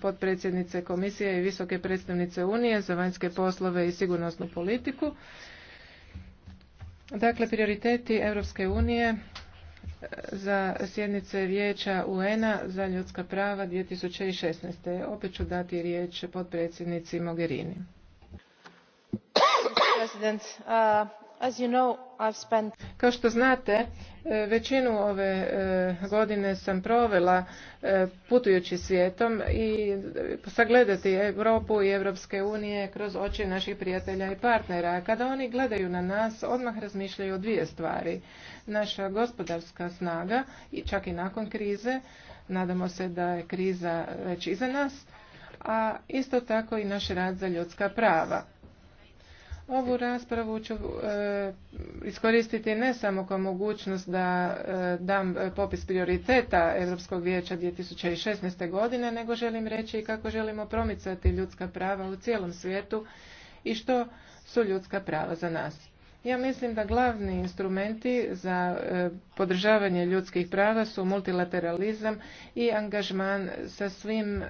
potpredsjednice komisije i visoke predstavnice Unije za vanjske poslove i sigurnosnu politiku. Dakle, prioriteti Europske unije e, za sjednice vijeća UN-a za ljudska prava 2016. Opet ću dati riječ potpredsjednici Mogherini. Kao što znate, e, većinu ove e, godine sam provela e, putujući svijetom i sagledati Europu i Europske unije kroz oči naših prijatelja i partnera. Kada oni gledaju na nas, odmah razmišljaju o dvije stvari. Naša gospodarska snaga, i čak i nakon krize, nadamo se da je kriza već iza nas, a isto tako i naš rad za ljudska prava Ovu raspravu ću e, iskoristiti ne samo kao mogućnost da e, dam popis prioriteta Europskog vijeća 2016. godine, nego želim reći i kako želimo promicati ljudska prava u cijelom svijetu i što su ljudska prava za nas. Ja mislim da glavni instrumenti za e, podržavanje ljudskih prava su multilateralizam i angažman sa svim e,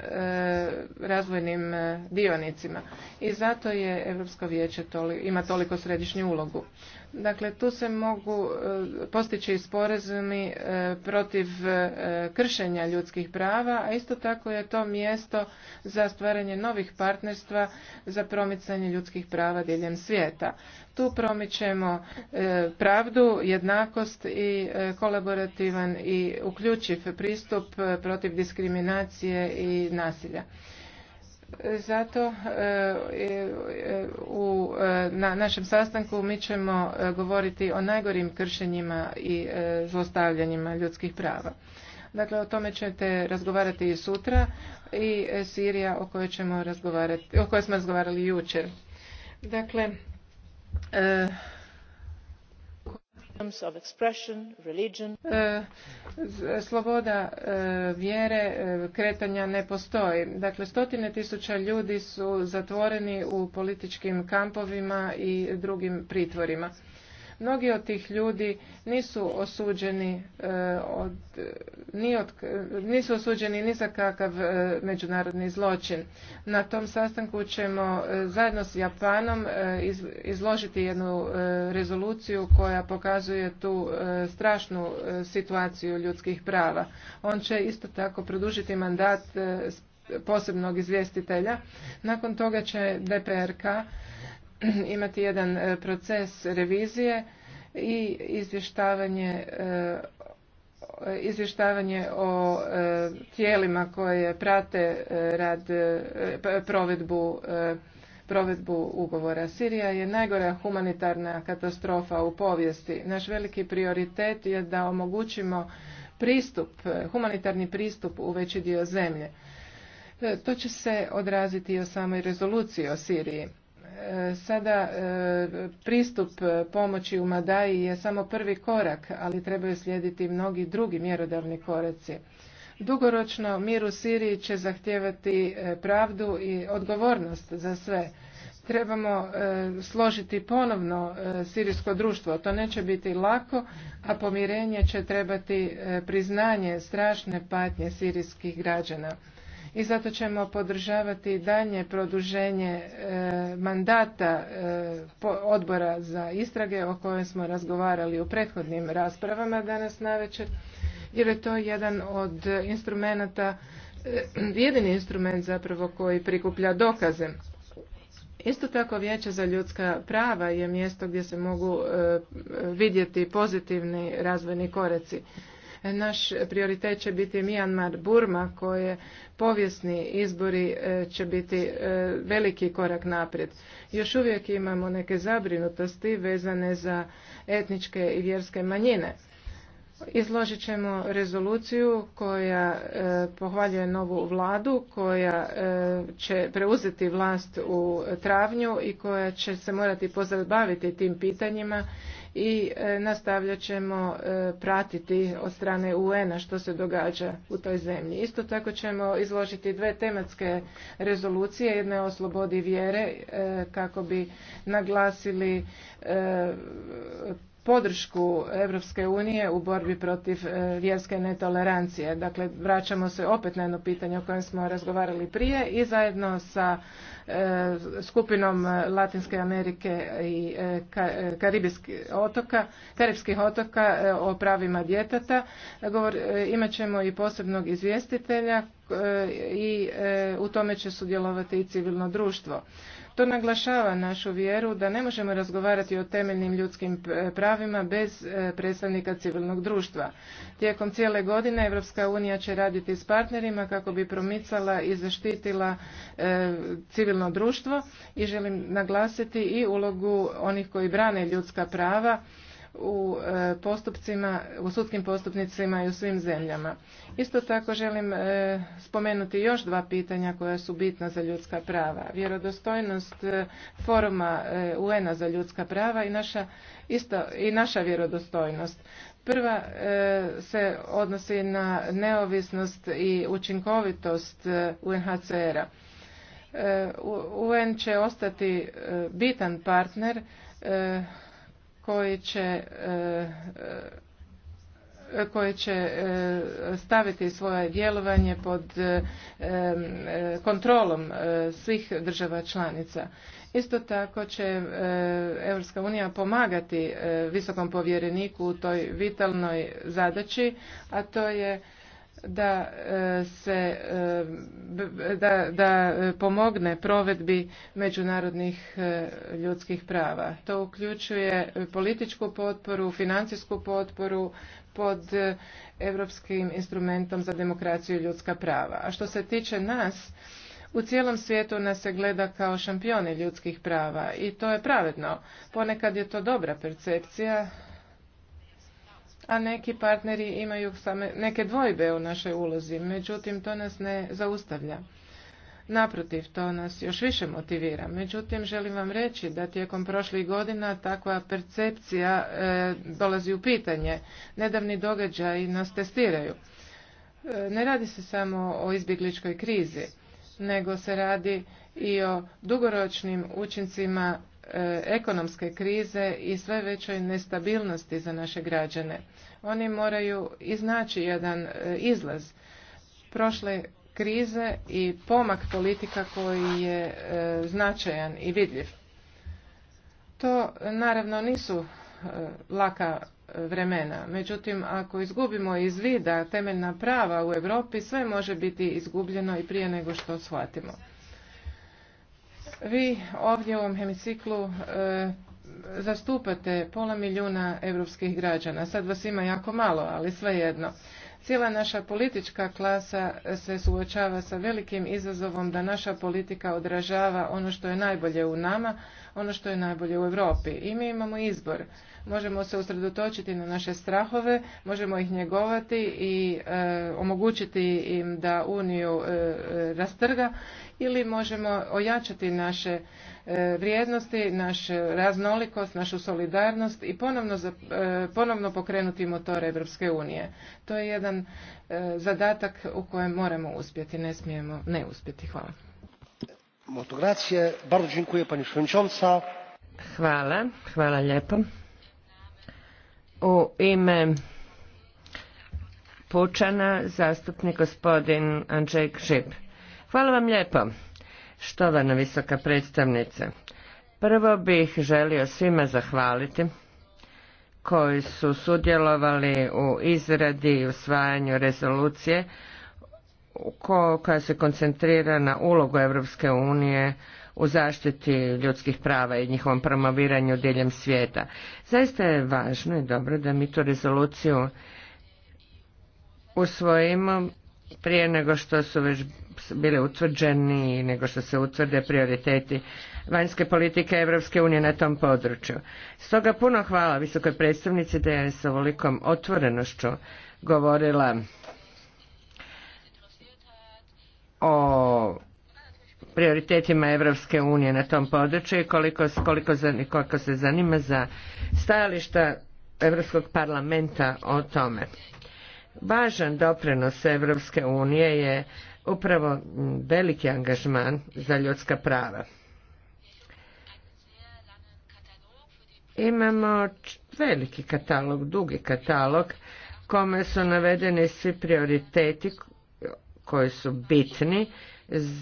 razvojnim e, dionicima. I zato je Europsko vijeće ima toliko središnju ulogu. Dakle, tu se mogu e, postići sporazumi e, protiv e, kršenja ljudskih prava, a isto tako je to mjesto za stvaranje novih partnerstva za promicanje ljudskih prava diljem svijeta. Tu promičemo pravdu, jednakost i kolaborativan i uključiv pristup protiv diskriminacije i nasilja. Zato e, e, e, u, na našem sastanku mi ćemo govoriti o najgorim kršenjima i zlostavljanjima ljudskih prava. Dakle, o tome ćete razgovarati i sutra i Sirija o kojoj, ćemo o kojoj smo razgovarali jučer. Dakle, E, sloboda e, vjere e, kretanja ne postoji dakle stotine tisuća ljudi su zatvoreni u političkim kampovima i drugim pritvorima Mnogi od tih ljudi nisu osuđeni e, od, ni od, nisu osuđeni ni za kakav e, međunarodni zločin. Na tom sastanku ćemo e, zajedno s Japanom izložiti jednu rezoluciju koja pokazuje tu strašnu situaciju ljudskih prava. On će isto tako produžiti mandat posebnog izvjestitelja. Nakon toga će DPRK imati jedan e, proces revizije i izvještavanje e, izvještavanje o e, tijelima koje prate rad provedbu provedbu ugovora. Sirija je najgora humanitarna katastrofa u povijesti. Naš veliki prioritet je da omogućimo pristup, humanitarni pristup u veći dio zemlje. To će se odraziti i o samoj rezoluciji o Siriji. E, sada e, pristup pomoći u Madaji je samo prvi korak, ali trebaju slijediti mnogi drugi mjerodavni koraci. Dugoročno mir u Siriji će zahtijevati e, pravdu i odgovornost za sve. Trebamo složiti ponovno sirijsko društvo. To neće biti lako, a pomirenje će trebati priznanje strašne patnje sirijskih građana i zato ćemo podržavati daljnje produženje e, mandata e, odbora za istrage o kojem smo razgovarali u prethodnim raspravama danas navečer jer je to jedan od instrumenata e, jedini instrument zapravo koji prikuplja dokaze Isto tako Vijeće za ljudska prava je mjesto gdje se mogu vidjeti pozitivni razvojni koraci naš prioritet će biti Mijanmar Burma koje povijesni izbori e, će biti e, veliki korak naprijed. Još uvijek imamo neke zabrinutosti vezane za etničke i vjerske manjine. Izložit ćemo rezoluciju koja e, pohvaljuje novu vladu, koja e, će preuzeti vlast u travnju i koja će se morati pozabaviti tim pitanjima i e, nastavljat ćemo pratiti od strane UN-a što se događa u toj zemlji. Isto tako ćemo izložiti dve tematske rezolucije, jedna je o slobodi vjere kako bi naglasili podršku Europske unije u borbi protiv e, vjerske netolerancije. Dakle, vraćamo se opet na jedno pitanje o kojem smo razgovarali prije i zajedno sa e, skupinom Latinske Amerike i e, Karibskih otoka, Karibskih otoka o pravima djeteta. imat ćemo i posebnog izvjestitelja i u tome će sudjelovati i civilno društvo. To naglašava našu vjeru da ne možemo razgovarati o temeljnim ljudskim pravima bez e, predstavnika civilnog društva. Tijekom cijele godine Europska unija će raditi s partnerima kako bi promicala i zaštitila e, civilno društvo i želim naglasiti i ulogu onih koji brane ljudska prava u e, postupcima, u sudskim postupnicima i u svim zemljama. Isto tako želim e, spomenuti još dva pitanja koja su bitna za ljudska prava. Vjerodostojnost e, foruma UN-a za ljudska prava i naša, isto, i naša vjerodostojnost. Prva se odnosi na neovisnost i učinkovitost UNHCR-a. UN će ostati bitan partner koji će e, e, koje će e, staviti svoje djelovanje pod kontrolom svih država članica. Isto tako će Europska unija pomagati visokom povjereniku u toj vitalnoj zadaći, a to je da e, se e, da, da e, pomogne provedbi međunarodnih ljudskih prava. To uključuje političku potporu, financijsku potporu pod europskim instrumentom za demokraciju i ljudska prava. A što se tiče nas, u cijelom svijetu nas se gleda kao šampioni ljudskih prava i to je pravedno. Ponekad je to dobra percepcija, a neki partneri imaju same neke dvojbe u našoj ulozi. Međutim, to nas ne zaustavlja. Naprotiv, to nas još više motivira. Međutim, želim vam reći da tijekom prošlih godina takva percepcija e, dolazi u pitanje. Nedavni događaj nas testiraju. E, ne radi se samo o izbjegličkoj krizi, nego se radi i o dugoročnim učincima E, ekonomske krize i sve većoj nestabilnosti za naše građane. Oni moraju iznaći jedan e, izlaz. Prošle krize i pomak politika koji je e, značajan i vidljiv. To naravno nisu laka vremena. Međutim, ako izgubimo iz vida temeljna prava u Europi, sve može biti izgubljeno i prije nego što shvatimo. Vi ovdje u ovom hemiciklu e, zastupate pola milijuna europskih građana. Sad vas ima jako malo, ali svejedno. Cijela naša politička klasa se suočava sa velikim izazovom da naša politika odražava ono što je najbolje u nama, ono što je najbolje u Europi. I mi imamo izbor. Možemo se usredotočiti na naše strahove, možemo ih njegovati i e, omogućiti im da Uniju e, e, rastrga ili možemo ojačati naše vrijednosti, naš raznolikost, našu solidarnost i ponovno, za, ponovno pokrenuti motore Europske unije. To je jedan zadatak u kojem moramo uspjeti, ne smijemo ne uspjeti. Hvala hvala U ime Pučana, zastupnik gospodin Andrzej Gžib. Hvala vam lijepo, štovana visoka predstavnice. Prvo bih želio svima zahvaliti koji su sudjelovali u izradi i usvajanju rezolucije koja se koncentrira na ulogu Europske unije u zaštiti ljudskih prava i njihovom promoviranju diljem svijeta. Zaista je važno i dobro da mi tu rezoluciju usvojimo prije nego što su već bile utvrđeni i nego što se utvrde prioriteti vanjske politike Europske unije na tom području. Stoga puno hvala visokoj predstavnici da je s ovolikom otvorenošću govorila o prioritetima Evropske unije na tom području i koliko, koliko, se zanima za stajališta Europskog parlamenta o tome. Važan doprinos Evropske unije je upravo veliki angažman za ljudska prava. Imamo veliki katalog, dugi katalog, kome su navedeni svi prioriteti koji su bitni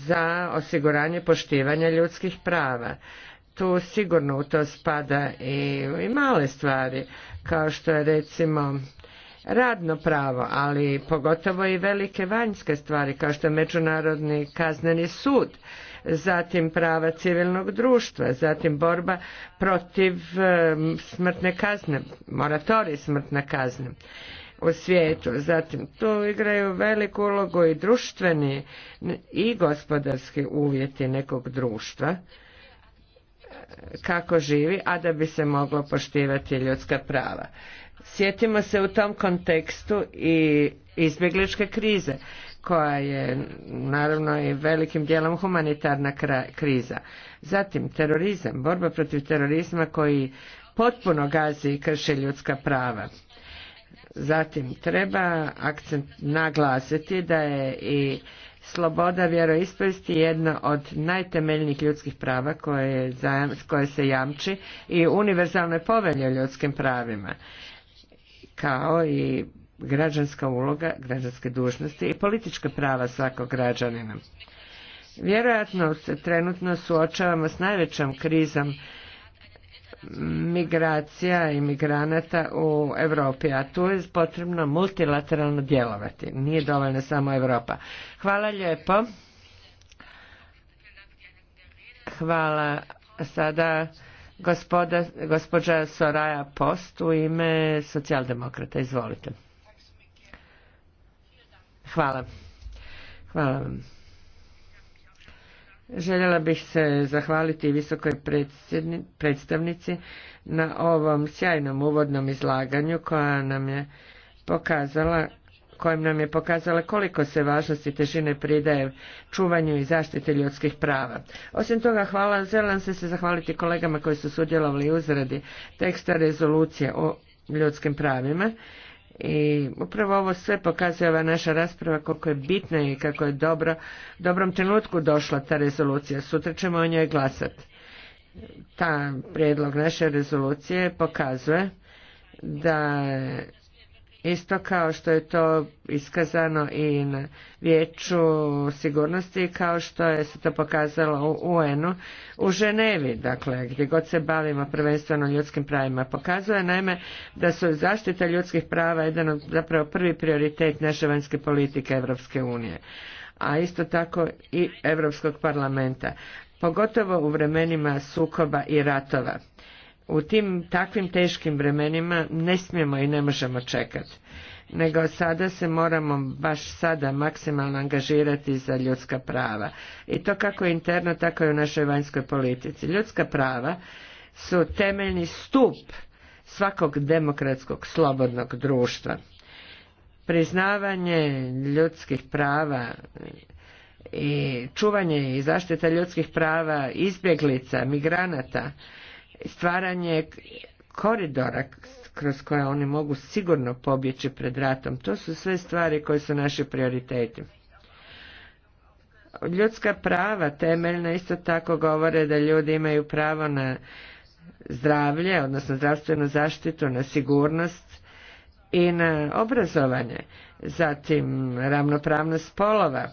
za osiguranje poštivanja ljudskih prava. Tu sigurno u to spada i, male stvari, kao što je recimo radno pravo, ali pogotovo i velike vanjske stvari, kao što je Međunarodni kazneni sud, zatim prava civilnog društva, zatim borba protiv eh, smrtne kazne, moratorij smrtne kazne u svijetu. Zatim, tu igraju veliku ulogu i društveni i gospodarski uvjeti nekog društva e, kako živi, a da bi se moglo poštivati ljudska prava. Sjetimo se u tom kontekstu i izbjegličke krize, koja je naravno i velikim dijelom humanitarna kriza. Zatim terorizam, borba protiv terorizma koji potpuno gazi i krše ljudska prava. Zatim treba akcent naglasiti da je i sloboda vjeroispovijesti jedna od najtemeljnijih ljudskih prava koje, koje se jamči i univerzalne povelje o ljudskim pravima kao i građanska uloga, građanske dužnosti i politička prava svakog građanina. Vjerojatno se trenutno suočavamo s najvećom krizom migracija i migranata u Europi, a tu je potrebno multilateralno djelovati. Nije dovoljna samo Europa. Hvala lijepo. Hvala sada gospoda, gospođa Soraja Post u ime socijaldemokrata. Izvolite. Hvala. Hvala vam. Željela bih se zahvaliti visokoj predstavnici na ovom sjajnom uvodnom izlaganju koja nam je pokazala kojim nam je pokazala koliko se važnosti težine pridaje čuvanju i zaštiti ljudskih prava. Osim toga, hvala, želim se se zahvaliti kolegama koji su sudjelovali u izradi teksta rezolucije o ljudskim pravima i upravo ovo sve pokazuje ova naša rasprava koliko je bitna i kako je dobro, dobrom trenutku došla ta rezolucija. Sutra ćemo o njoj glasati. Ta prijedlog naše rezolucije pokazuje da Isto kao što je to iskazano i na vijeću sigurnosti, kao što je se to pokazalo u UN-u u Ženevi, dakle, gdje god se bavimo prvenstveno ljudskim pravima. Pokazuje naime da su zaštita ljudskih prava jedan od zapravo prvi prioritet naše vanjske politike Europske unije a isto tako i Europskog parlamenta, pogotovo u vremenima sukoba i ratova u tim takvim teškim vremenima ne smijemo i ne možemo čekati nego sada se moramo baš sada maksimalno angažirati za ljudska prava i to kako interno tako i u našoj vanjskoj politici ljudska prava su temeljni stup svakog demokratskog slobodnog društva priznavanje ljudskih prava i čuvanje i zaštita ljudskih prava izbjeglica migranata stvaranje koridora kroz koje oni mogu sigurno pobjeći pred ratom. To su sve stvari koje su naše prioriteti. Ljudska prava temeljna isto tako govore da ljudi imaju pravo na zdravlje, odnosno zdravstvenu zaštitu, na sigurnost i na obrazovanje, zatim ravnopravnost spolova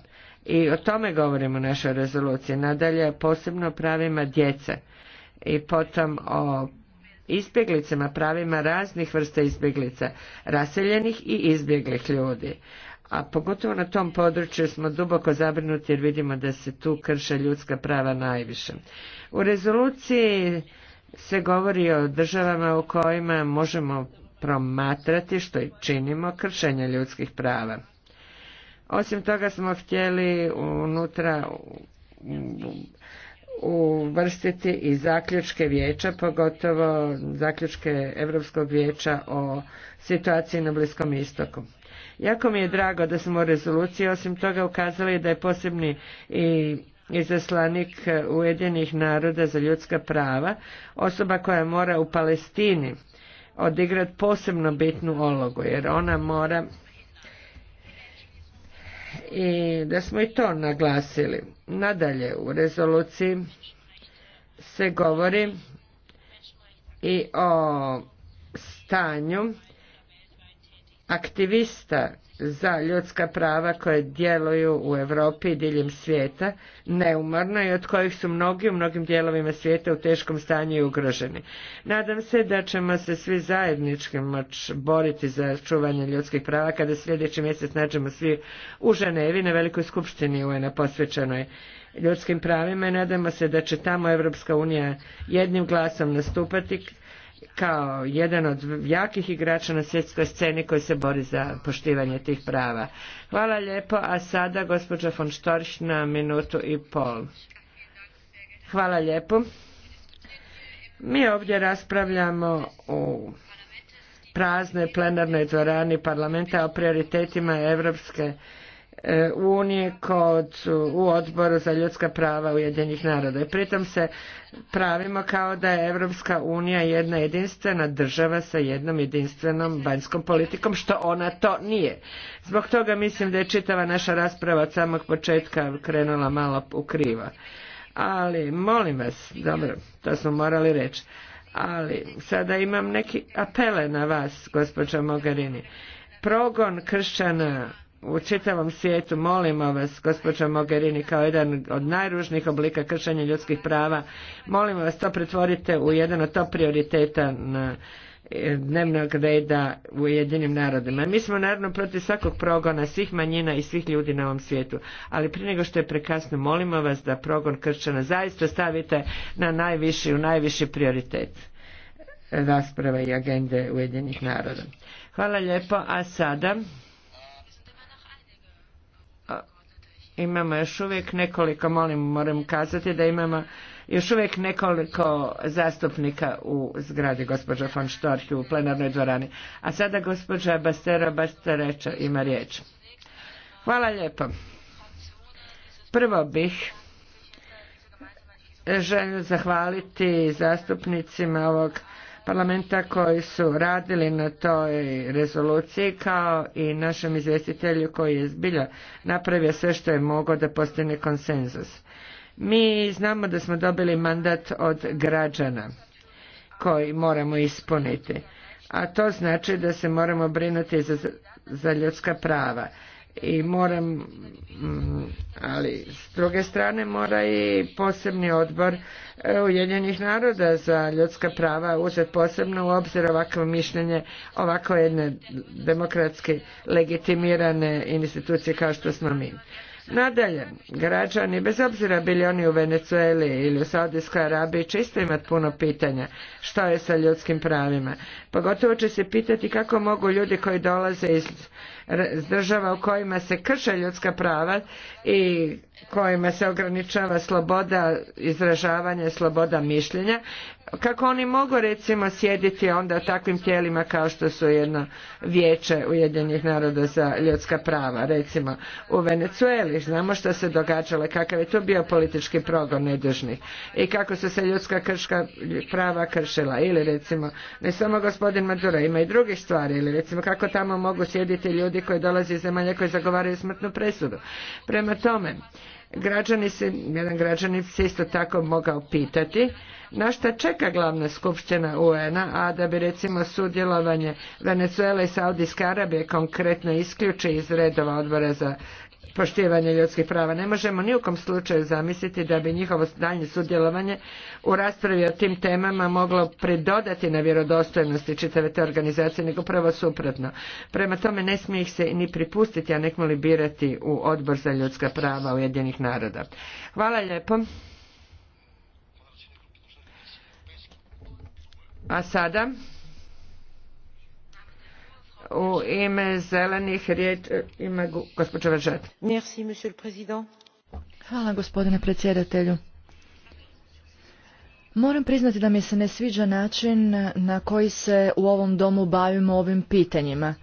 i o tome govorimo u našoj rezoluciji. Nadalje, posebno o pravima djece i potom o izbjeglicama, pravima raznih vrsta izbjeglica, raseljenih i izbjeglih ljudi. A pogotovo na tom području smo duboko zabrinuti jer vidimo da se tu krše ljudska prava najviše. U rezoluciji se govori o državama u kojima možemo promatrati što i činimo kršenje ljudskih prava. Osim toga smo htjeli unutra uvrstiti i zaključke vijeća, pogotovo zaključke Europskog vijeća o situaciji na Bliskom istoku. Jako mi je drago da smo u rezoluciji osim toga ukazali da je posebni i izaslanik Ujedinjenih naroda za ljudska prava, osoba koja mora u Palestini odigrat posebno bitnu ulogu, jer ona mora i da smo i to naglasili. Nadalje u rezoluciji se govori i o stanju aktivista za ljudska prava koje djeluju u Europi i diljem svijeta neumorno i od kojih su mnogi u mnogim dijelovima svijeta u teškom stanju i ugroženi. Nadam se da ćemo se svi zajednički moći boriti za čuvanje ljudskih prava kada sljedeći mjesec nađemo svi u Ženevi na Velikoj skupštini UN-a posvećenoj ljudskim pravima i nadamo se da će tamo Europska unija jednim glasom nastupati kao jedan od jakih igrača na svjetskoj sceni koji se bori za poštivanje tih prava. Hvala lijepo, a sada gospođa von Storch na minutu i pol. Hvala lijepo. Mi ovdje raspravljamo u praznoj plenarnoj dvorani parlamenta o prioritetima Europske E, unije kod, u odboru za ljudska prava Ujedinjenih naroda. I pritom se pravimo kao da je Europska unija jedna jedinstvena država sa jednom jedinstvenom vanjskom politikom, što ona to nije. Zbog toga mislim da je čitava naša rasprava od samog početka krenula malo u krivo. Ali, molim vas, dobro, to smo morali reći, ali sada imam neki apele na vas, gospođo Mogarini. Progon kršćana u čitavom svijetu, molimo vas, gospođo Mogherini, kao jedan od najružnijih oblika kršenja ljudskih prava, molimo vas to pretvorite u jedan od top prioriteta na e, dnevnog reda u jedinim narodima. Mi smo naravno protiv svakog progona, svih manjina i svih ljudi na ovom svijetu, ali prije nego što je prekasno, molimo vas da progon kršćana zaista stavite na najviši, u najviši prioritet rasprave i agende Ujedinih naroda. Hvala lijepo, a sada imamo još uvijek nekoliko, molim, moram kazati da imamo još uvijek nekoliko zastupnika u zgradi gospođa von Štorhi u plenarnoj dvorani. A sada gospođa Bastera Bastareća ima riječ. Hvala lijepo. Prvo bih želio zahvaliti zastupnicima ovog parlamenta koji su radili na toj rezoluciji kao i našem izvjestitelju koji je zbilja napravio sve što je mogao da postigne konsenzus. Mi znamo da smo dobili mandat od građana koji moramo ispuniti, a to znači da se moramo brinuti za, za ljudska prava i moram mhm, ali s druge strane mora i posebni odbor e, Ujedinjenih naroda za ljudska prava uzeti posebno u obzir ovakvo mišljenje ovako jedne demokratski legitimirane institucije kao što smo mi. Nadalje, građani, bez obzira bili oni u Venecueli ili u Saudijskoj Arabiji, će isto imati puno pitanja što je sa ljudskim pravima. Pogotovo će se pitati kako mogu ljudi koji dolaze iz država u kojima se krše ljudska prava i kojima se ograničava sloboda izražavanja, sloboda mišljenja, kako oni mogu recimo sjediti onda u takvim tijelima kao što su jedno vijeće Ujedinjenih naroda za ljudska prava, recimo u Venecueli, znamo što se događalo, kakav je to bio politički progon nedužnih i kako su se ljudska krška prava kršila ili recimo ne samo gospodin Maduro, ima i drugih stvari ili recimo kako tamo mogu sjediti ljudi ljudi koji dolaze iz zemalja koji zagovaraju smrtnu presudu. Prema tome, građani se, jedan građanin se isto tako mogao pitati na šta čeka glavna skupština UN-a, a da bi recimo sudjelovanje Venezuela i Saudijske Arabije konkretno isključi iz redova odbora za poštivanje ljudskih prava. Ne možemo ni u kom slučaju zamisliti da bi njihovo daljnje sudjelovanje u raspravi o tim temama moglo pridodati na vjerodostojnosti čitave te organizacije, nego prvo suprotno. Prema tome ne smije ih se ni pripustiti, a nekmo li birati u odbor za ljudska prava Ujedinih naroda. Hvala lijepo. A sada u ime zelenih riječi e, ima Hvala gospodine predsjedatelju. Moram priznati da mi se ne sviđa način na koji se u ovom domu bavimo ovim pitanjima.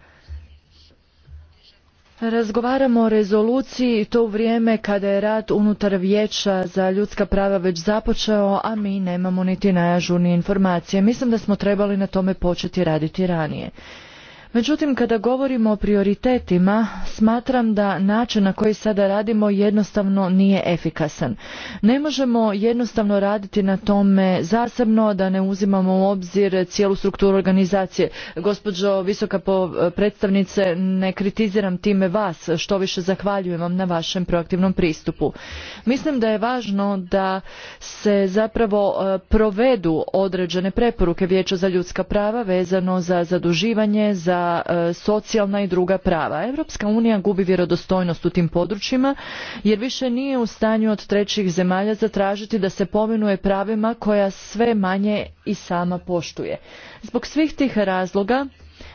Razgovaramo o rezoluciji i to u vrijeme kada je rad unutar vijeća za ljudska prava već započeo, a mi nemamo niti najažurnije informacije. Mislim da smo trebali na tome početi raditi ranije. Međutim, kada govorimo o prioritetima, smatram da način na koji sada radimo jednostavno nije efikasan. Ne možemo jednostavno raditi na tome zasebno, da ne uzimamo u obzir cijelu strukturu organizacije. Gospođo visoka predstavnice, ne kritiziram time vas, što više zahvaljujem vam na vašem proaktivnom pristupu. Mislim da je važno da se zapravo e, provedu određene preporuke Vijeća za ljudska prava vezano za zaduživanje, za E, socijalna i druga prava. Europska unija gubi vjerodostojnost u tim područjima jer više nije u stanju od trećih zemalja zatražiti da se pominuje pravima koja sve manje i sama poštuje. Zbog svih tih razloga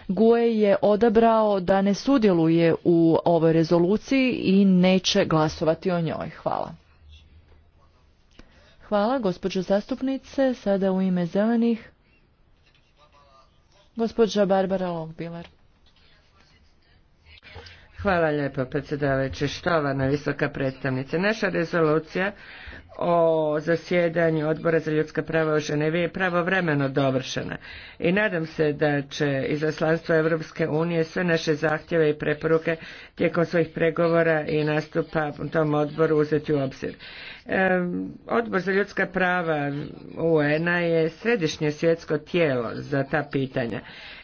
GUE je odabrao da ne sudjeluje u ovoj rezoluciji i neće glasovati o njoj. Hvala. Hvala, gospođo zastupnice. Sada u ime zelenih Gospođa Barbara Lokbiler. Hvala lijepo predsjedavajući. Štovana visoka predstavnice. Naša rezolucija o zasjedanju odbora za ljudska prava u Ženevi je pravovremeno dovršena i nadam se da će izaslanstvo Europske unije sve naše zahtjeve i preporuke tijekom svojih pregovora i nastupa u tom odboru uzeti u obzir. Odbor za ljudska prava UN-a je središnje svjetsko tijelo za ta pitanja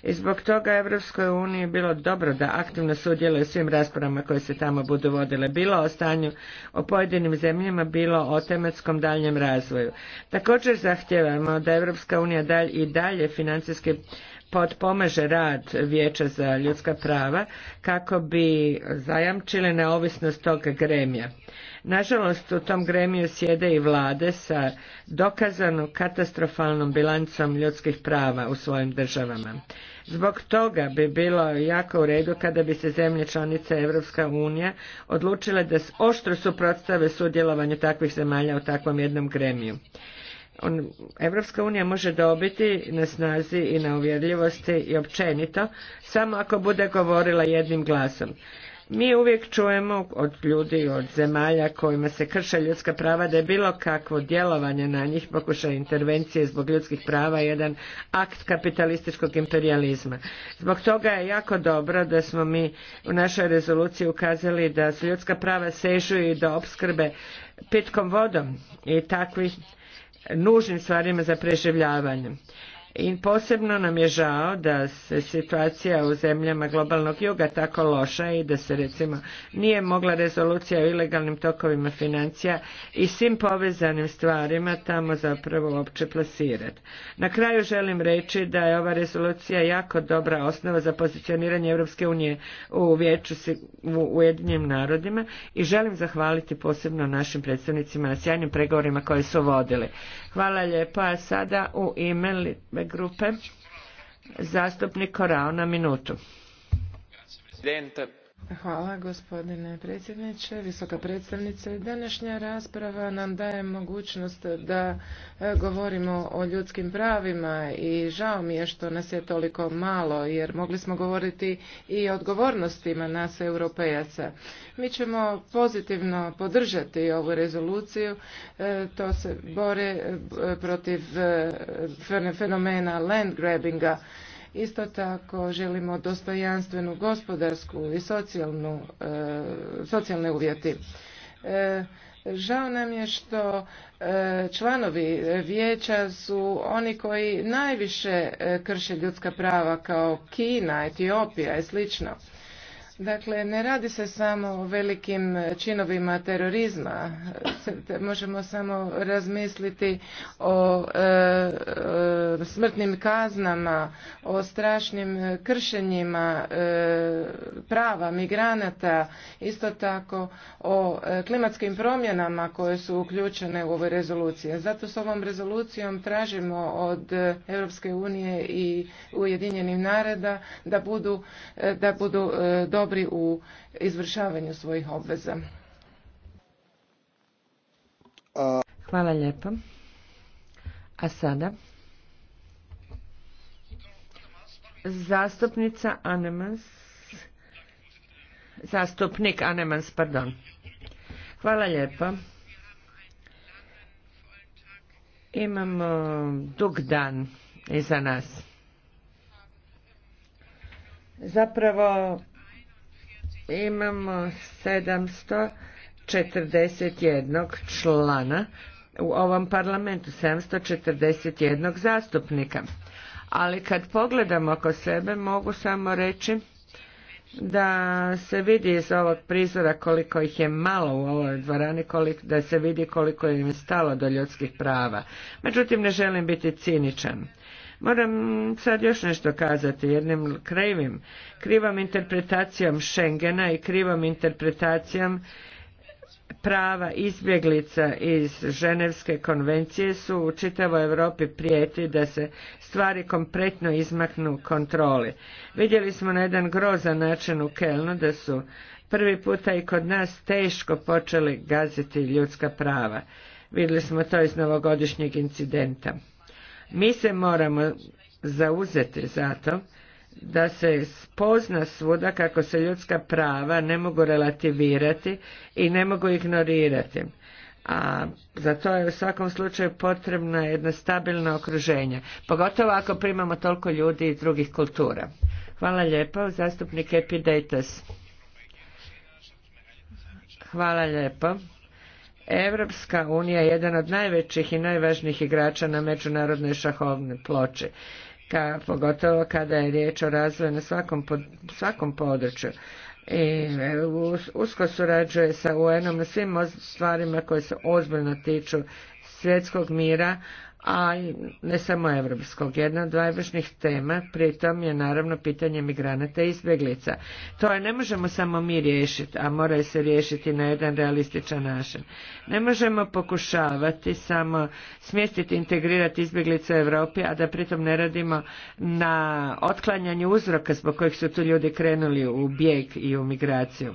i zbog toga Europskoj uniji bilo dobro da aktivno sudjeluje u svim raspravama koje se tamo budu vodile, bilo o stanju o pojedinim zemljama, bilo o tematskom daljem razvoju. Također zahtijevamo da Europska unija i dalje financijski potpomaže rad Vijeća za ljudska prava kako bi zajamčili neovisnost tog gremija. Nažalost, u tom gremiju sjede i vlade sa dokazano katastrofalnom bilancom ljudskih prava u svojim državama. Zbog toga bi bilo jako u redu kada bi se zemlje članice Evropska unija odlučile da oštro suprotstave sudjelovanju takvih zemalja u takvom jednom gremiju. EU unija može dobiti na snazi i na uvjerljivosti i općenito samo ako bude govorila jednim glasom. Mi uvijek čujemo od ljudi, od zemalja kojima se krše ljudska prava da je bilo kakvo djelovanje na njih, pokušaj intervencije zbog ljudskih prava jedan akt kapitalističkog imperializma. Zbog toga je jako dobro da smo mi u našoj rezoluciji ukazali da se ljudska prava sežu i do opskrbe pitkom vodom i takvih nužnim stvarima za preživljavanje. I posebno nam je žao da se situacija u zemljama globalnog juga tako loša i da se recimo nije mogla rezolucija o ilegalnim tokovima financija i svim povezanim stvarima tamo zapravo uopće plasirati. Na kraju želim reći da je ova rezolucija jako dobra osnova za pozicioniranje Europske unije u vijeću u Ujedinjenim narodima i želim zahvaliti posebno našim predstavnicima na sjajnim pregovorima koje su vodili. Hvala lijepa. A sada u ime grupe, zastupnik Korao na minutu. Hvala gospodine predsjedniče, visoka predstavnice. Današnja rasprava nam daje mogućnost da e, govorimo o ljudskim pravima i žao mi je što nas je toliko malo jer mogli smo govoriti i o odgovornostima nas europejaca. Mi ćemo pozitivno podržati ovu rezoluciju, e, to se bore e, protiv fenomena land grabbinga Isto tako želimo dostojanstvenu gospodarsku i socijalnu, e, socijalne uvjeti. E, žao nam je što e, članovi vijeća su oni koji najviše krše ljudska prava kao Kina, Etiopija i slično. Dakle, ne radi se samo o velikim činovima terorizma. Možemo samo razmisliti o e, e, smrtnim kaznama, o strašnim kršenjima e, prava migranata, isto tako o klimatskim promjenama koje su uključene u ove rezolucije. Zato s ovom rezolucijom tražimo od Europske unije i Ujedinjenih naroda da budu, da budu dobri u izvršavanju svojih obveza. Hvala lijepo. A sada? Zastupnica Anemans. Zastupnik Anemans, pardon. Hvala lijepo. Imamo dug dan iza nas. Zapravo Imamo 741 člana u ovom parlamentu, 741 zastupnika. Ali kad pogledamo oko sebe mogu samo reći da se vidi iz ovog prizora koliko ih je malo u ovoj dvorani, da se vidi koliko im je stalo do ljudskih prava. Međutim, ne želim biti ciničan. Moram sad još nešto kazati, jednim krivim, krivom interpretacijom Schengena i krivom interpretacijom prava izbjeglica iz Ženevske konvencije su u čitavoj Europi prijeti da se stvari kompletno izmaknu kontroli. Vidjeli smo na jedan grozan način u Kelnu da su prvi puta i kod nas teško počeli gaziti ljudska prava. Vidjeli smo to iz novogodišnjeg incidenta. Mi se moramo zauzeti zato da se spozna svuda kako se ljudska prava ne mogu relativirati i ne mogu ignorirati. A za to je u svakom slučaju potrebno jedno stabilno okruženje, pogotovo ako primamo toliko ljudi iz drugih kultura. Hvala lijepo, zastupnik Epidetas. Hvala lijepo. Evropska unija je jedan od najvećih i najvažnijih igrača na međunarodnoj šahovnoj ploči, pogotovo kada je riječ o razvoju na svakom, području. I e, usko surađuje sa UN-om na svim stvarima koje se ozbiljno tiču svjetskog mira, a ne samo evropskog. Jedna od najvažnijih tema pritom je naravno pitanje migranata i izbjeglica. To je ne možemo samo mi riješiti, a mora se riješiti na jedan realističan način. Ne možemo pokušavati samo smjestiti, integrirati izbjeglice u Europi, a da pritom ne radimo na otklanjanju uzroka zbog kojih su tu ljudi krenuli u bijeg i u migraciju.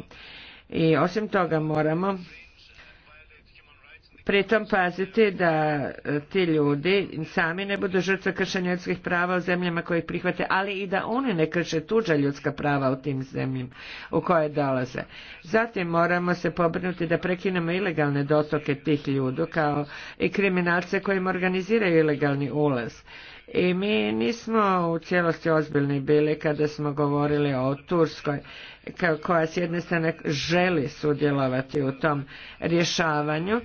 I osim toga moramo pritom paziti da e, ti ljudi sami ne budu žrtve kršenja ljudskih prava u zemljama koje ih prihvate, ali i da oni ne krše tuđa ljudska prava u tim zemljama u koje dolaze. Zatim moramo se pobrinuti da prekinemo ilegalne dotoke tih ljudi kao i kriminalce kojim organiziraju ilegalni ulaz. I mi nismo u cijelosti ozbiljni bili kada smo govorili o Turskoj, koja s jedne strane želi sudjelovati u tom rješavanju,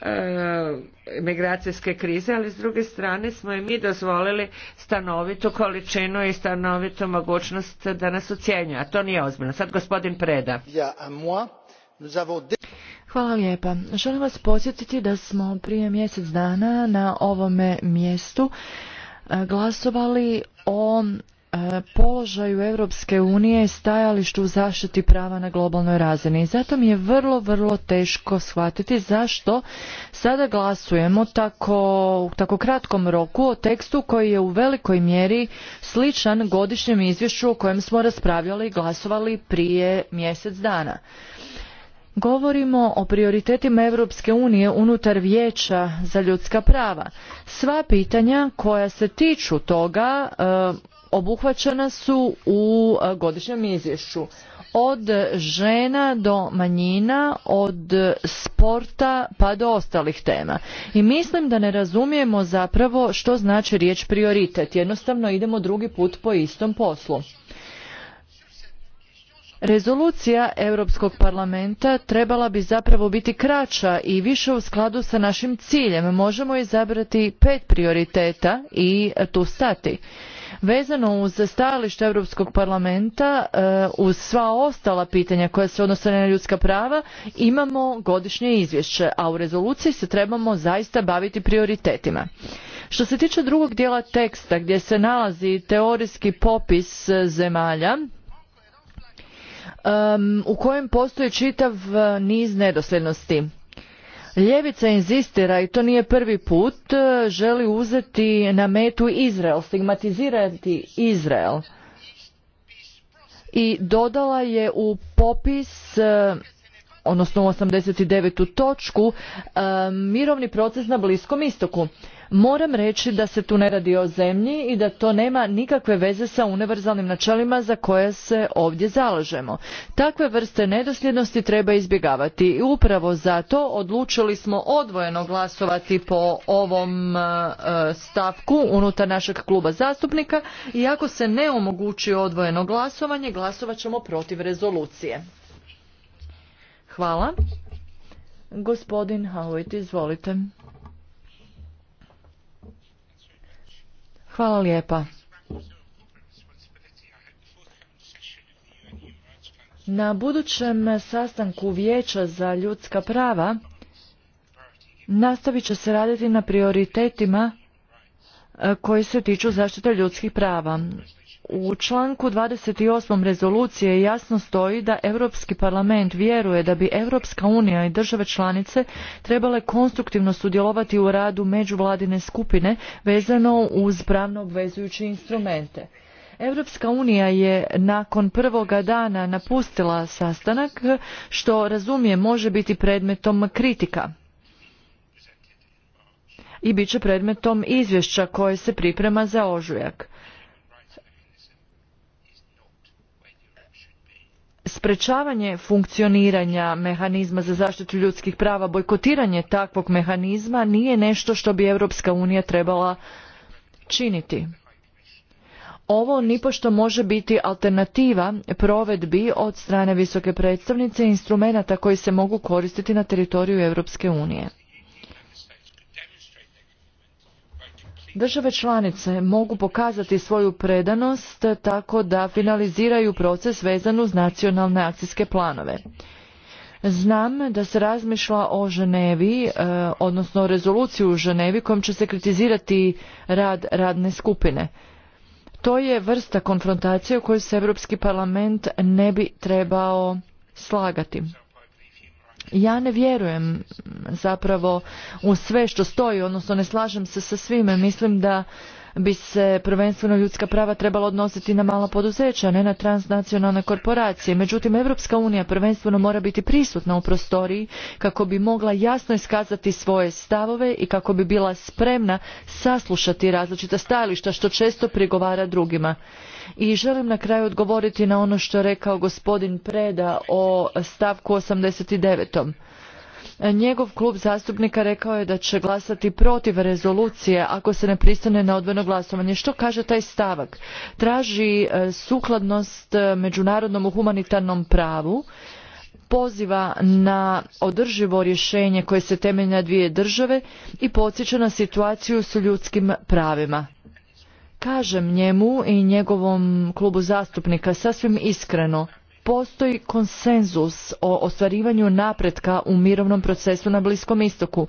E, migracijske krize, ali s druge strane smo i mi dozvolili stanovitu količinu i stanovitu mogućnost da nas ucijenju, a to nije ozbiljno. Sad gospodin Preda. Hvala lijepa. Želim vas podsjetiti da smo prije mjesec dana na ovome mjestu e, glasovali o E, položaju Europske unije i stajalištu u zaštiti prava na globalnoj razini. I zato mi je vrlo, vrlo teško shvatiti zašto sada glasujemo tako, u tako kratkom roku o tekstu koji je u velikoj mjeri sličan godišnjem izvješću o kojem smo raspravljali i glasovali prije mjesec dana. Govorimo o prioritetima Europske unije unutar vijeća za ljudska prava. Sva pitanja koja se tiču toga e, obuhvaćena su u e, godišnjem izvješću. Od žena do manjina, od sporta pa do ostalih tema. I mislim da ne razumijemo zapravo što znači riječ prioritet. Jednostavno idemo drugi put po istom poslu. Rezolucija Europskog parlamenta trebala bi zapravo biti kraća i više u skladu sa našim ciljem. Možemo izabrati pet prioriteta i tu stati. Vezano uz stajalište Europskog parlamenta, e, uz sva ostala pitanja koja se odnose na ljudska prava, imamo godišnje izvješće, a u rezoluciji se trebamo zaista baviti prioritetima. Što se tiče drugog dijela teksta gdje se nalazi teorijski popis zemalja, u kojem postoji čitav niz nedosljednosti Ljevica inzistira i to nije prvi put, e, želi uzeti na metu Izrael, stigmatizirati Izrael. I dodala je u popis e, odnosno u 89. točku e, mirovni proces na Bliskom istoku. Moram reći da se tu ne radi o zemlji i da to nema nikakve veze sa univerzalnim načelima za koje se ovdje zalažemo. Takve vrste nedosljednosti treba izbjegavati i upravo zato odlučili smo odvojeno glasovati po ovom e, stavku unutar našeg kluba zastupnika i ako se ne omogući odvojeno glasovanje glasovat ćemo protiv rezolucije. Hvala. Gospodin Howitt, izvolite. Hvala lijepa. Na budućem sastanku Vijeća za ljudska prava nastavit će se raditi na prioritetima e, koji se tiču zaštite ljudskih prava. U članku 28. rezolucije jasno stoji da Europski parlament vjeruje da bi Europska unija i države članice trebale konstruktivno sudjelovati u radu međuvladine skupine vezano uz pravno obvezujuće instrumente. Europska unija je nakon prvoga dana napustila sastanak što razumije može biti predmetom kritika i bit će predmetom izvješća koje se priprema za ožujak. sprečavanje funkcioniranja mehanizma za zaštitu ljudskih prava, bojkotiranje takvog mehanizma nije nešto što bi Europska unija trebala činiti. Ovo nipošto može biti alternativa provedbi od strane visoke predstavnice instrumenata koji se mogu koristiti na teritoriju Europske unije. Države članice mogu pokazati svoju predanost tako da finaliziraju proces vezan uz nacionalne akcijske planove. Znam da se razmišlja o Ženevi, e, odnosno o rezoluciju u Ženevi kojom će se kritizirati rad radne skupine. To je vrsta konfrontacije u kojoj se Europski parlament ne bi trebao slagati ja ne vjerujem zapravo u sve što stoji, odnosno ne slažem se sa svime. Mislim da bi se prvenstveno ljudska prava trebala odnositi na mala poduzeća, a ne na transnacionalne korporacije. Međutim, Europska unija prvenstveno mora biti prisutna u prostoriji kako bi mogla jasno iskazati svoje stavove i kako bi bila spremna saslušati različita stajališta što često prigovara drugima. I želim na kraju odgovoriti na ono što je rekao gospodin Preda o stavku 89. Njegov klub zastupnika rekao je da će glasati protiv rezolucije ako se ne pristane na odvojeno glasovanje. Što kaže taj stavak? Traži e, sukladnost e, međunarodnom humanitarnom pravu, poziva na održivo rješenje koje se temelji na dvije države i podsjeća na situaciju s ljudskim pravima kažem njemu i njegovom klubu zastupnika sasvim iskreno, postoji konsenzus o ostvarivanju napretka u mirovnom procesu na Bliskom istoku.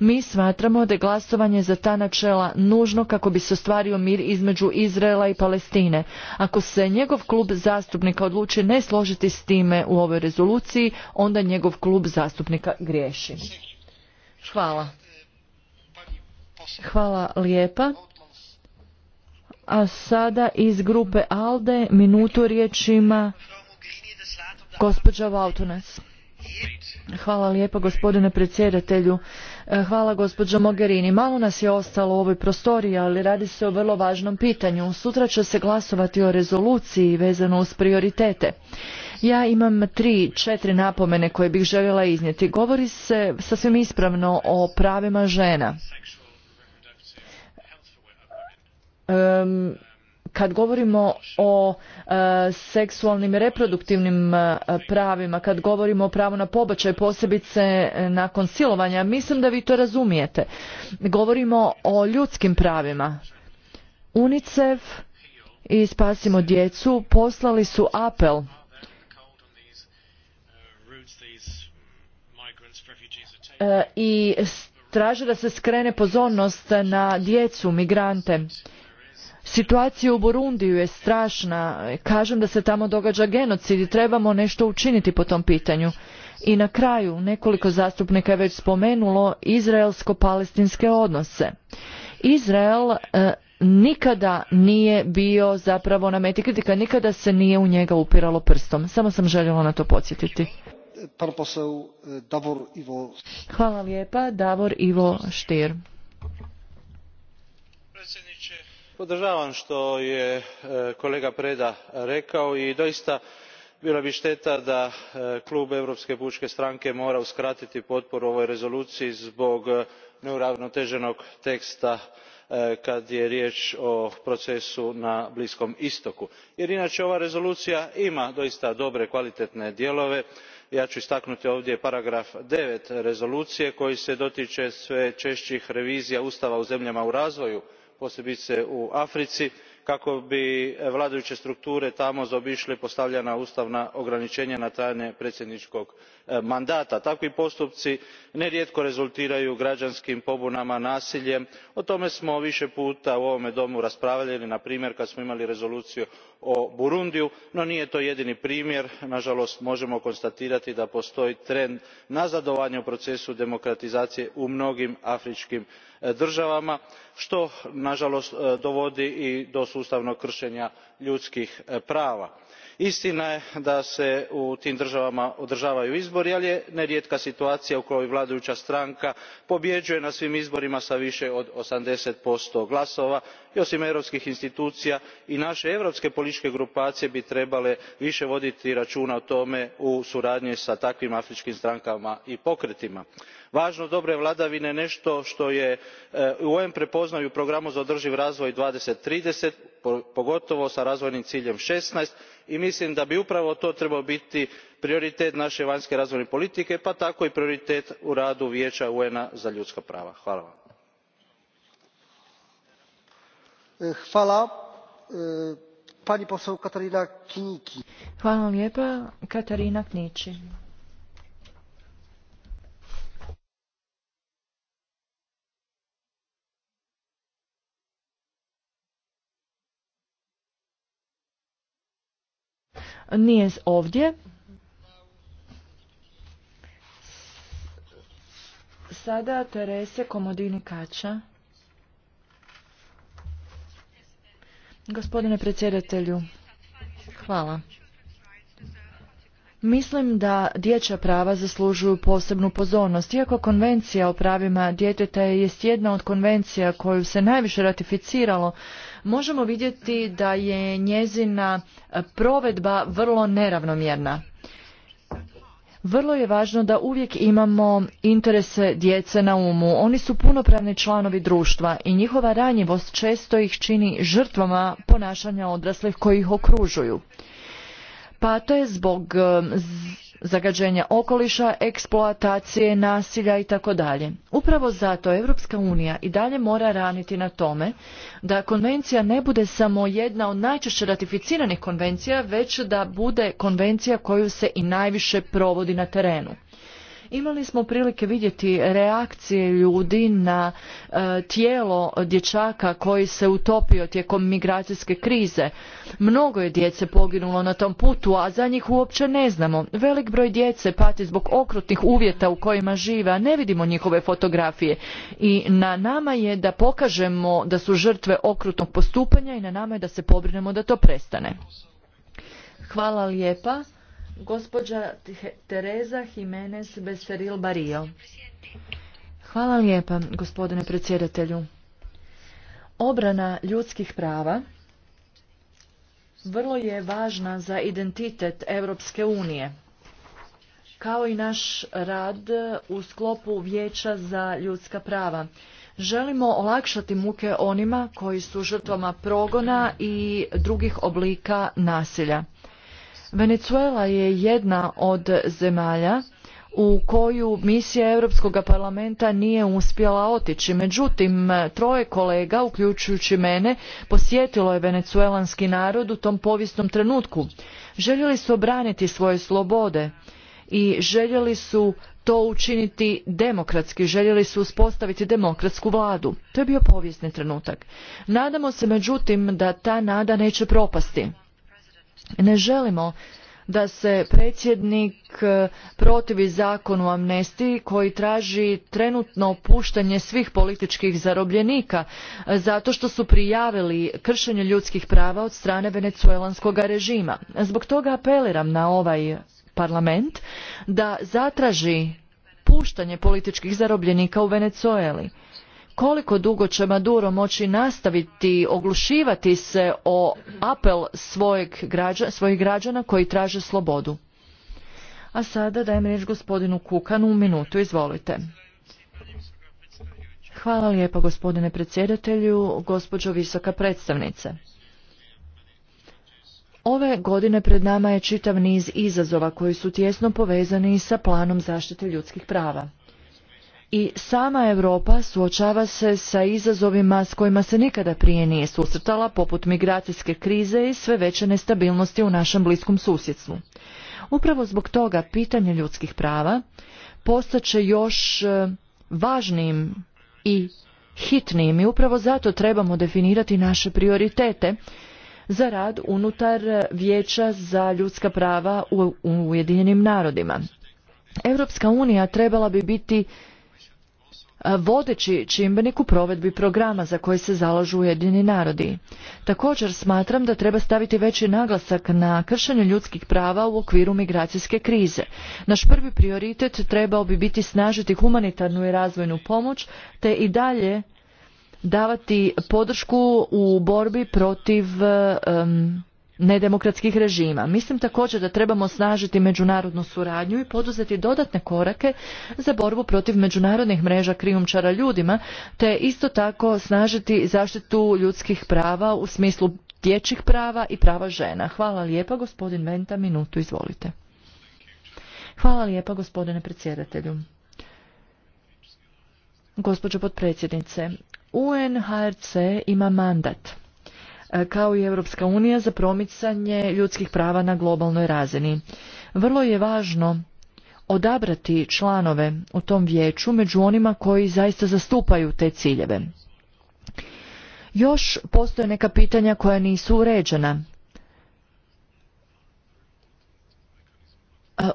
Mi smatramo da je glasovanje za ta načela nužno kako bi se ostvario mir između Izraela i Palestine. Ako se njegov klub zastupnika odluči ne složiti s time u ovoj rezoluciji, onda njegov klub zastupnika griješi. Hvala. Hvala lijepa. A sada iz grupe ALDE minutu riječima gospođa Vautunas. Hvala lijepa gospodine predsjedatelju. E, hvala gospođo Mogherini. Malo nas je ostalo u ovoj prostoriji, ali radi se o vrlo važnom pitanju. Sutra će se glasovati o rezoluciji vezano uz prioritete. Ja imam tri, četiri napomene koje bih željela iznijeti. Govori se sasvim ispravno o pravima žena kad govorimo o e, seksualnim seksualnim reproduktivnim e, pravima, kad govorimo o pravu na pobačaj, posebice e, nakon silovanja, mislim da vi to razumijete. Govorimo o ljudskim pravima. UNICEF i Spasimo djecu poslali su apel i traže da se skrene pozornost na djecu, migrante Situacija u Burundiju je strašna. Kažem da se tamo događa genocid i trebamo nešto učiniti po tom pitanju. I na kraju, nekoliko zastupnika je već spomenulo izraelsko-palestinske odnose. Izrael e, nikada nije bio zapravo na meti kritika, nikada se nije u njega upiralo prstom. Samo sam željela na to podsjetiti. E, Hvala lijepa, Davor Ivo Štir podravam to je e, kolega preda rekao i doista bila bi šteta da e, klub europske puke stranke mora uskratiti potporu ovoj rezoluciji zbog e, neuravnoteenog teksta kad je rije o procesu na bliskom istoku jer inače ova rezolucija ima doista dobre kvalitetne dijelove ja u istaknuti ovdje paragraf nine rezolucije koji se dotiče sve eih revizija ustava u zemljama u razvoju posebice u africi kako bi e, vladajuće strukture tamo zaobišle postavljena ustavna ograničenja na trajanje predsjedničkog e, mandata. takvi postupci nerijetko rezultiraju građanskim pobunama nasiljem o tome smo više puta u ovome domu raspravljali na primjer kad smo imali rezoluciju o burundiju no nije to jedini primjer nažalost možemo konstatirati da postoji trend nazadovanja u procesu demokratizacije u mnogim afričkim e, državama što nažalost e, dovodi i do sustavnog kršenja ljudskih e, prava. istina je da se u tim državama održavaju izbori ali je nerijetka situacija u kojoj vladajuća stranka pobjeđuje na svim izborima s više od eighty glasova i osim europskih institucija i naše europske političke grupacije bi trebale više voditi računa o tome u suradnji s takvim afričkim strankama i pokretima. važnost dobre vladavine nešto je što e, un prepoznaju u programu za održiv razvoj two thousand and thirty pogotovo razvojnim ciljem sixteen i mislim da bi upravo to trebao biti prioritet nae vanjske razvojne politike pa tako i prioritet u radu vijea un a za ljudska prava. hvala nije ovdje. Sada Terese Komodini Kača. Gospodine predsjedatelju, hvala. Mislim da dječja prava zaslužuju posebnu pozornost. Iako konvencija o pravima djeteta je jedna od konvencija koju se najviše ratificiralo, možemo vidjeti da je njezina provedba vrlo neravnomjerna. Vrlo je važno da uvijek imamo interese djece na umu. Oni su punopravni članovi društva i njihova ranjivost često ih čini žrtvama ponašanja odraslih koji ih okružuju. Pa to je zbog eh, zagađenja okoliša, eksploatacije, nasilja i tako dalje. Upravo zato Europska unija i dalje mora raniti na tome da konvencija ne bude samo jedna od najčešće ratificiranih konvencija, već da bude konvencija koju se i najviše provodi na terenu. Imali smo prilike vidjeti reakcije ljudi na e, tijelo dječaka koji se utopio tijekom migracijske krize. Mnogo je djece poginulo na tom putu, a za njih uopće ne znamo. Velik broj djece pati zbog okrutnih uvjeta u kojima žive, a ne vidimo njihove fotografije. I na nama je da pokažemo da su žrtve okrutnog postupanja i na nama je da se pobrinemo da to prestane. Hvala lijepa. Gospođa Tereza Jimenez Beseril Barrio. Hvala lijepa, gospodine predsjedatelju. Obrana ljudskih prava vrlo je važna za identitet Europske unije, kao i naš rad u sklopu Vijeća za ljudska prava. Želimo olakšati muke onima koji su žrtvama progona i drugih oblika nasilja. Venezuela je jedna od zemalja u koju misija Europskog parlamenta nije uspjela otići. Međutim, troje kolega, uključujući mene, posjetilo je venezuelanski narod u tom povijesnom trenutku. Željeli su obraniti svoje slobode i željeli su to učiniti demokratski, željeli su uspostaviti demokratsku vladu. To je bio povijesni trenutak. Nadamo se međutim da ta nada neće propasti ne želimo da se predsjednik e, protivi zakonu amnestiji koji traži trenutno puštanje svih političkih zarobljenika e, zato što su prijavili kršenje ljudskih prava od strane venecuelanskog režima. Zbog toga apeliram na ovaj parlament da zatraži puštanje političkih zarobljenika u Venezueli koliko dugo će Maduro moći nastaviti oglušivati se o apel svojeg svojih građana koji traže slobodu. A sada dajem riječ gospodinu Kukanu u minutu, izvolite. Hvala lijepo, gospodine predsjedatelju, gospođo visoka predstavnice. Ove godine pred nama je čitav niz izazova koji su tjesno povezani sa planom zaštite ljudskih prava i sama Europa suočava se sa izazovima s kojima se nikada prije nije susretala, poput migracijske krize i sve veće nestabilnosti u našem bliskom susjedstvu. Upravo zbog toga pitanje ljudskih prava će još e, važnijim i hitnijim i upravo zato trebamo definirati naše prioritete za rad unutar Vijeća za ljudska prava u Ujedinjenim narodima. Europska unija trebala bi biti vodeći čimbenik u provedbi programa za koji se zalažu Ujedini narodi. Također smatram da treba staviti veći naglasak na kršenje ljudskih prava u okviru migracijske krize. Naš prvi prioritet trebao bi biti snažiti humanitarnu i razvojnu pomoć te i dalje davati podršku u borbi protiv nedemokratskih režima. Mislim također da trebamo snažiti međunarodnu suradnju i poduzeti dodatne korake za borbu protiv međunarodnih mreža krijumčara ljudima, te isto tako snažiti zaštitu ljudskih prava u smislu dječjih prava i prava žena. Hvala lijepa, gospodin Venta, minutu, izvolite. Hvala lijepa, gospodine predsjedatelju. Gospođo potpredsjednice, UNHRC ima mandat kao i Europska unija za promicanje ljudskih prava na globalnoj razini. Vrlo je važno odabrati članove u tom vijeću među onima koji zaista zastupaju te ciljeve. Još postoje neka pitanja koja nisu uređena.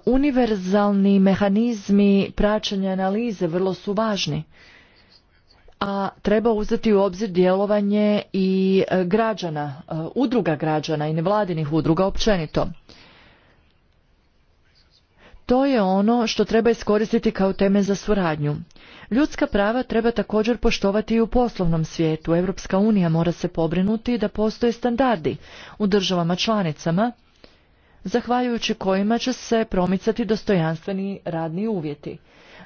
Univerzalni mehanizmi praćenja analize vrlo su važni a treba uzeti u obzir djelovanje i e, građana, e, udruga građana i nevladinih udruga općenito. To je ono što treba iskoristiti kao teme za suradnju. Ljudska prava treba također poštovati i u poslovnom svijetu. Europska unija mora se pobrinuti da postoje standardi u državama članicama, zahvaljujući kojima će se promicati dostojanstveni radni uvjeti.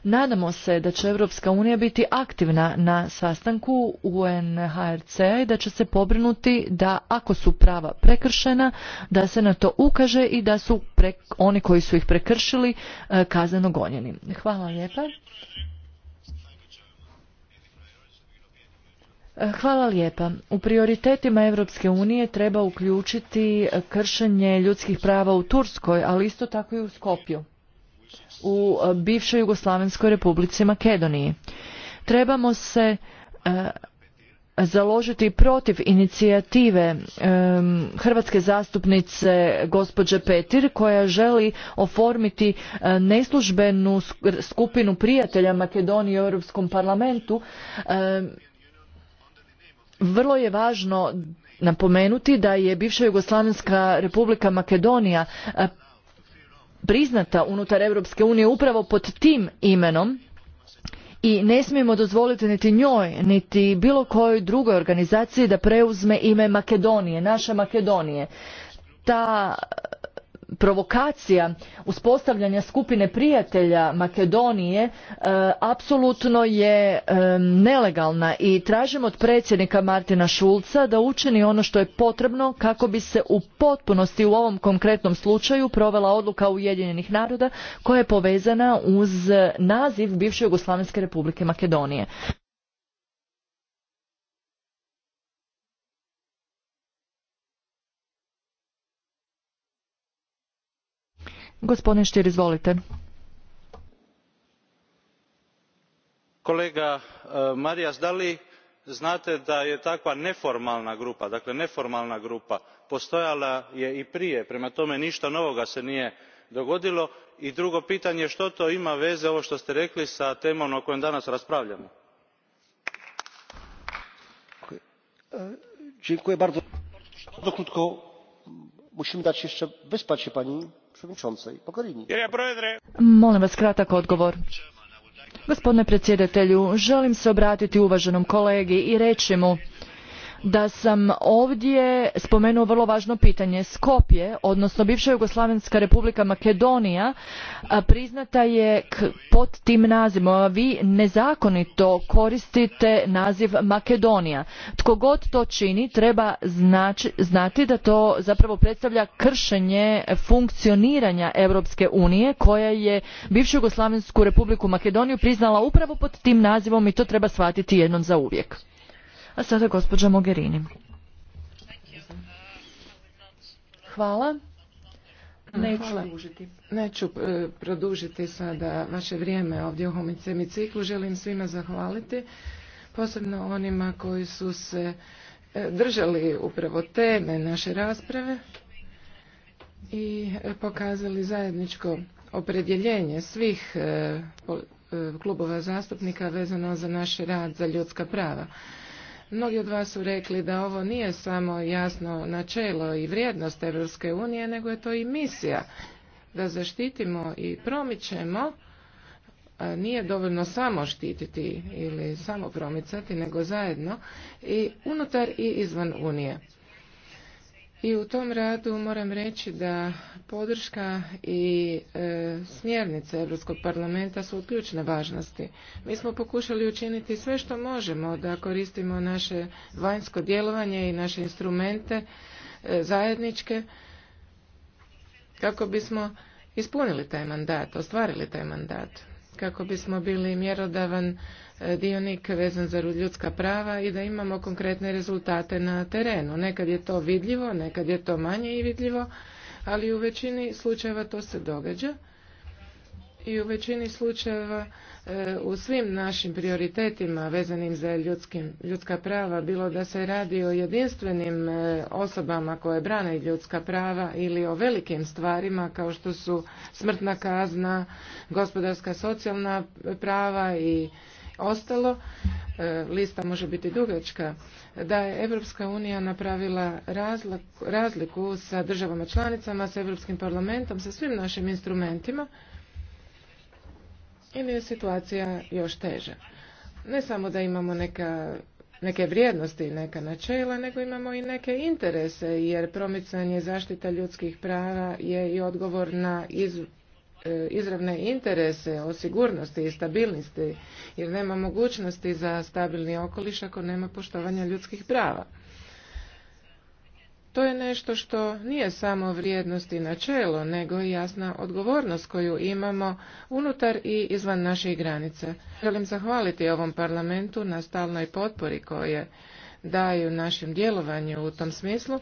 Nadamo se da će Europska unija biti aktivna na sastanku UNHRC i da će se pobrinuti da ako su prava prekršena, da se na to ukaže i da su oni koji su ih prekršili e, kazneno gonjeni. Hvala lijepa. E, hvala lijepa. U prioritetima Europske unije treba uključiti kršenje ljudskih prava u Turskoj, ali isto tako i u Skopju u bivšoj Jugoslavenskoj republici Makedoniji. Trebamo se e, založiti protiv inicijative e, hrvatske zastupnice gospođe Petir koja želi oformiti e, neslužbenu skupinu prijatelja Makedonije u Europskom parlamentu. vrlo je važno napomenuti da je bivša Jugoslavenska republika Makedonija priznata unutar Europske unije upravo pod tim imenom i ne smijemo dozvoliti niti njoj niti bilo kojoj drugoj organizaciji da preuzme ime Makedonije, naše Makedonije. Ta provokacija uspostavljanja skupine prijatelja Makedonije e, apsolutno je e, nelegalna i tražim od predsjednika Martina Šulca da učini ono što je potrebno kako bi se u potpunosti u ovom konkretnom slučaju provela odluka Ujedinjenih naroda koja je povezana uz naziv bivše Jugoslavenske republike Makedonije. Gospodin Štir, izvolite. Kolega e, Marijas, da li znate da je takva neformalna grupa, dakle neformalna grupa postojala je i prije, prema tome ništa novoga se nije dogodilo i drugo pitanje što to ima veze ovo što ste rekli sa temom o kojoj danas raspravljamo? bardzo. Bardzo krótko. Molim vas kratak odgovor. Gospodine predsjedatelju, želim se obratiti uvaženom kolegi i reći mu da sam ovdje spomenuo vrlo važno pitanje. Skopje, odnosno bivša Jugoslavenska republika Makedonija, priznata je pod tim nazivom, a vi nezakonito koristite naziv Makedonija. Tko god to čini treba znati da to zapravo predstavlja kršenje funkcioniranja Europske unije koja je bivšu Jugoslavensku republiku Makedoniju priznala upravo pod tim nazivom i to treba shvatiti jednom zauvijek. A sada gospođa Mogherini. Hvala. Neću, e, produžiti sada vaše vrijeme ovdje u homicemiciklu. Želim svima zahvaliti, posebno onima koji su se e, držali upravo teme naše rasprave i e, pokazali zajedničko opredjeljenje svih klubova zastupnika vezano za naš rad za ljudska prava. Mnogi od vas su rekli da ovo nije samo jasno načelo i vrijednost Europske unije, nego je to i misija da zaštitimo i promičemo nije dovoljno samo štititi ili samo promicati, nego zajedno i unutar i izvan Unije i u tom radu moram reći da podrška i e, smjernice Europskog parlamenta su od ključne važnosti. Mi smo pokušali učiniti sve što možemo da koristimo naše vanjsko djelovanje i naše instrumente e, zajedničke kako bismo ispunili taj mandat, ostvarili taj mandat, kako bismo bili mjerodavan dionik vezan za ljudska prava i da imamo konkretne rezultate na terenu. Nekad je to vidljivo, nekad je to manje i vidljivo, ali u većini slučajeva to se događa i u većini slučajeva e, u svim našim prioritetima vezanim za ljudskim, ljudska prava, bilo da se radi o jedinstvenim e, osobama koje brane ljudska prava ili o velikim stvarima kao što su smrtna kazna, gospodarska socijalna prava i ostalo. E, lista može biti dugačka. Da je Europska unija napravila razliku sa državama članicama, sa Europskim parlamentom, sa svim našim instrumentima. Ili je situacija još teža. Ne samo da imamo neka neke vrijednosti i neka načela, nego imamo i neke interese, jer promicanje zaštita ljudskih prava je i odgovor na iz, E, izravne interese o sigurnosti i stabilnosti, jer nema mogućnosti za stabilni okoliš ako nema poštovanja ljudskih prava. To je nešto što nije samo vrijednost i načelo, nego i jasna odgovornost koju imamo unutar i izvan naših granica. Želim zahvaliti ovom parlamentu na stalnoj potpori koje daju našem djelovanju u tom smislu,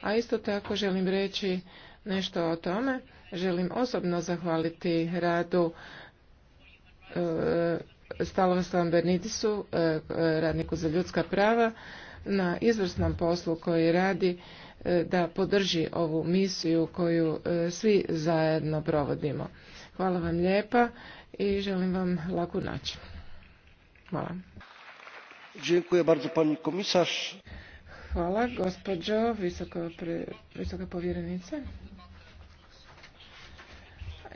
a isto tako želim reći nešto o tome Želim osobno zahvaliti radu e, Stalom Stambernidisu, e, radniku za ljudska prava, na izvrsnom poslu koji radi e, da podrži ovu misiju koju svi zajedno provodimo. Hvala vam lijepa i želim vam laku noć. Hvala. Dziękuję bardzo pani komisarz. Hvala gospođo visoka povjerenice.